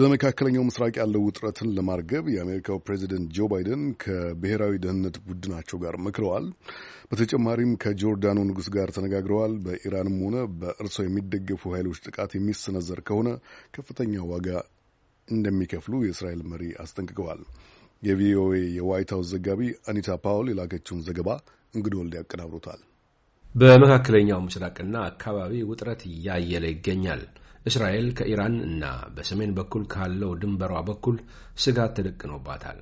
በመካከለኛው ምስራቅ ያለው ውጥረትን ለማርገብ የአሜሪካው ፕሬዚደንት ጆ ባይደን ከብሔራዊ ደህንነት ቡድናቸው ጋር መክረዋል። በተጨማሪም ከጆርዳኑ ንጉሥ ጋር ተነጋግረዋል። በኢራንም ሆነ በእርሶ የሚደገፉ ኃይሎች ጥቃት የሚሰነዘር ከሆነ ከፍተኛ ዋጋ እንደሚከፍሉ የእስራኤል መሪ አስጠንቅቀዋል። የቪኦኤ የዋይት ሀውስ ዘጋቢ አኒታ ፓውል የላከችውን ዘገባ እንግዶ ወልድ ያቀናብሩታል። በመካከለኛው ምስራቅና አካባቢ ውጥረት እያየለ ይገኛል። እስራኤል ከኢራን እና በሰሜን በኩል ካለው ድንበሯ በኩል ስጋት ተደቅኖባታል።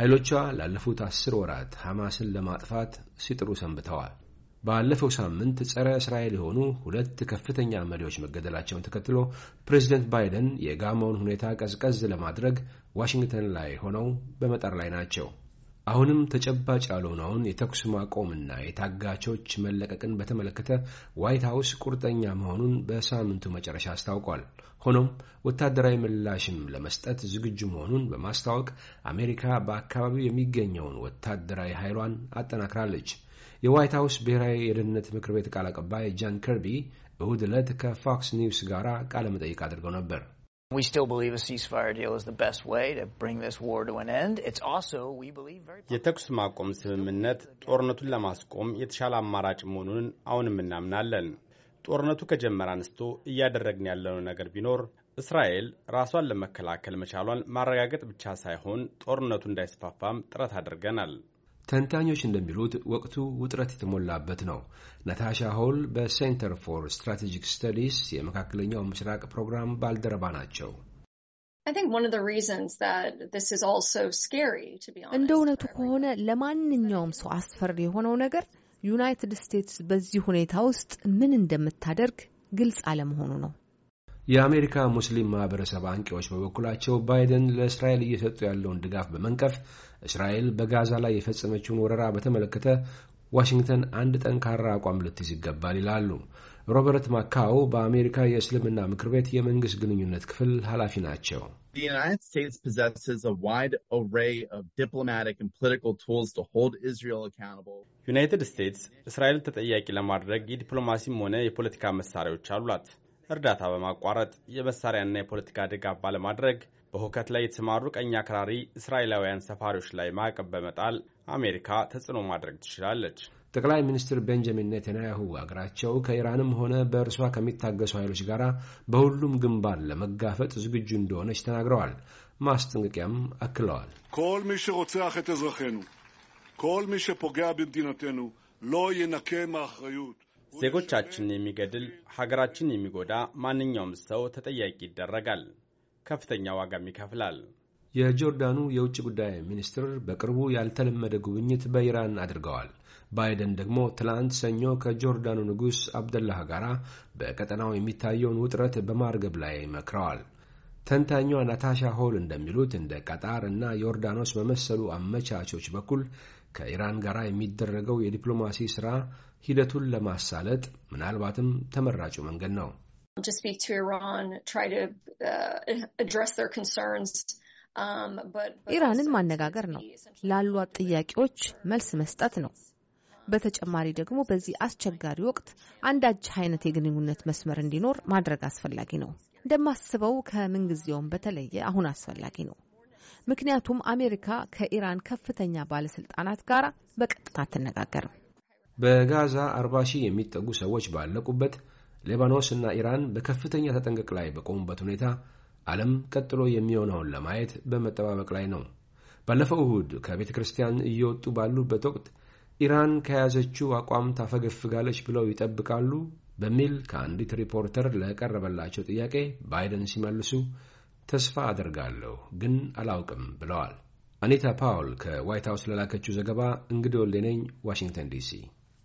ኃይሎቿ ላለፉት አስር ወራት ሐማስን ለማጥፋት ሲጥሩ ሰንብተዋል። ባለፈው ሳምንት ጸረ እስራኤል የሆኑ ሁለት ከፍተኛ መሪዎች መገደላቸውን ተከትሎ ፕሬዚደንት ባይደን የጋማውን ሁኔታ ቀዝቀዝ ለማድረግ ዋሽንግተን ላይ ሆነው በመጠር ላይ ናቸው። አሁንም ተጨባጭ ያልሆነውን የተኩስ ማቆምና የታጋቾች መለቀቅን በተመለከተ ዋይት ሀውስ ቁርጠኛ መሆኑን በሳምንቱ መጨረሻ አስታውቋል። ሆኖም ወታደራዊ ምላሽም ለመስጠት ዝግጁ መሆኑን በማስታወቅ አሜሪካ በአካባቢው የሚገኘውን ወታደራዊ ኃይሏን አጠናክራለች። የዋይት ሀውስ ብሔራዊ የደህንነት ምክር ቤት ቃል አቀባይ ጃን ከርቢ እሁድ ዕለት ከፎክስ ኒውስ ጋር ቃለ መጠይቅ አድርገው ነበር። We still believe a ceasefire deal is the best way to bring this war to an end. It's also we believe very የተኩስ ማቆም ስምምነት ጦርነቱን ለማስቆም የተሻለ አማራጭ መሆኑን አሁንም እናምናለን። ጦርነቱ ከጀመረ አንስቶ እያደረግን ያለነው ነገር ቢኖር እስራኤል ራሷን ለመከላከል መቻሏን ማረጋገጥ ብቻ ሳይሆን ጦርነቱ እንዳይስፋፋም ጥረት አድርገናል። ተንታኞች እንደሚሉት ወቅቱ ውጥረት የተሞላበት ነው። ናታሻ ሆል በሴንተር ፎር ስትራቴጂክ ስተዲስ የመካከለኛው ምስራቅ ፕሮግራም ባልደረባ ናቸው። እንደ እውነቱ ከሆነ ለማንኛውም ሰው አስፈሪ የሆነው ነገር ዩናይትድ ስቴትስ በዚህ ሁኔታ ውስጥ ምን እንደምታደርግ ግልጽ አለመሆኑ ነው። የአሜሪካ ሙስሊም ማህበረሰብ አንቂዎች በበኩላቸው ባይደን ለእስራኤል እየሰጡ ያለውን ድጋፍ በመንቀፍ እስራኤል በጋዛ ላይ የፈጸመችውን ወረራ በተመለከተ ዋሽንግተን አንድ ጠንካራ አቋም ልትይዝ ይገባል ይላሉ። ሮበርት ማካው በአሜሪካ የእስልምና ምክር ቤት የመንግስት ግንኙነት ክፍል ኃላፊ ናቸው። ዩናይትድ ስቴትስ እስራኤልን ተጠያቂ ለማድረግ የዲፕሎማሲም ሆነ የፖለቲካ መሳሪያዎች አሏት። እርዳታ በማቋረጥ የመሳሪያና የፖለቲካ ድጋፍ ባለማድረግ በሁከት ላይ የተሰማሩ ቀኝ አክራሪ እስራኤላውያን ሰፋሪዎች ላይ ማዕቀብ በመጣል አሜሪካ ተጽዕኖ ማድረግ ትችላለች። ጠቅላይ ሚኒስትር ቤንጃሚን ኔታንያሁ አገራቸው ከኢራንም ሆነ በእርሷ ከሚታገሱ ኃይሎች ጋር በሁሉም ግንባር ለመጋፈጥ ዝግጁ እንደሆነች ተናግረዋል። ማስጠንቀቂያም አክለዋል። ኮል מי שרוצח את אזרחינו, כל מי שפוגע ዜጎቻችን የሚገድል ሀገራችን የሚጎዳ ማንኛውም ሰው ተጠያቂ ይደረጋል፣ ከፍተኛ ዋጋም ይከፍላል። የጆርዳኑ የውጭ ጉዳይ ሚኒስትር በቅርቡ ያልተለመደ ጉብኝት በኢራን አድርገዋል። ባይደን ደግሞ ትላንት ሰኞ ከጆርዳኑ ንጉሥ አብደላህ ጋራ በቀጠናው የሚታየውን ውጥረት በማርገብ ላይ መክረዋል። ተንታኟ ናታሻ ሆል እንደሚሉት እንደ ቀጣር እና ዮርዳኖስ በመሰሉ አመቻቾች በኩል ከኢራን ጋር የሚደረገው የዲፕሎማሲ ሥራ ሂደቱን ለማሳለጥ ምናልባትም ተመራጩ መንገድ ነው። uh, um, ኢራንን ማነጋገር ነው፣ ላሏት ጥያቄዎች መልስ መስጠት ነው። በተጨማሪ ደግሞ በዚህ አስቸጋሪ ወቅት አንዳች አይነት የግንኙነት መስመር እንዲኖር ማድረግ አስፈላጊ ነው። እንደማስበው ከምንጊዜውም በተለየ አሁን አስፈላጊ ነው። ምክንያቱም አሜሪካ ከኢራን ከፍተኛ ባለስልጣናት ጋር በቀጥታ አትነጋገርም። በጋዛ 40 ሺህ የሚጠጉ ሰዎች ባለቁበት ሌባኖስ እና ኢራን በከፍተኛ ተጠንቀቅ ላይ በቆሙበት ሁኔታ ዓለም ቀጥሎ የሚሆነውን ለማየት በመጠባበቅ ላይ ነው። ባለፈው እሁድ ከቤተ ክርስቲያን እየወጡ ባሉበት ወቅት ኢራን ከያዘችው አቋም ታፈገፍጋለች ብለው ይጠብቃሉ በሚል ከአንዲት ሪፖርተር ለቀረበላቸው ጥያቄ ባይደን ሲመልሱ ተስፋ አደርጋለሁ ግን አላውቅም ብለዋል። አኒታ ፓውል ከዋይት ሀውስ ለላከችው ዘገባ እንግዶ ሌነኝ ዋሽንግተን ዲሲ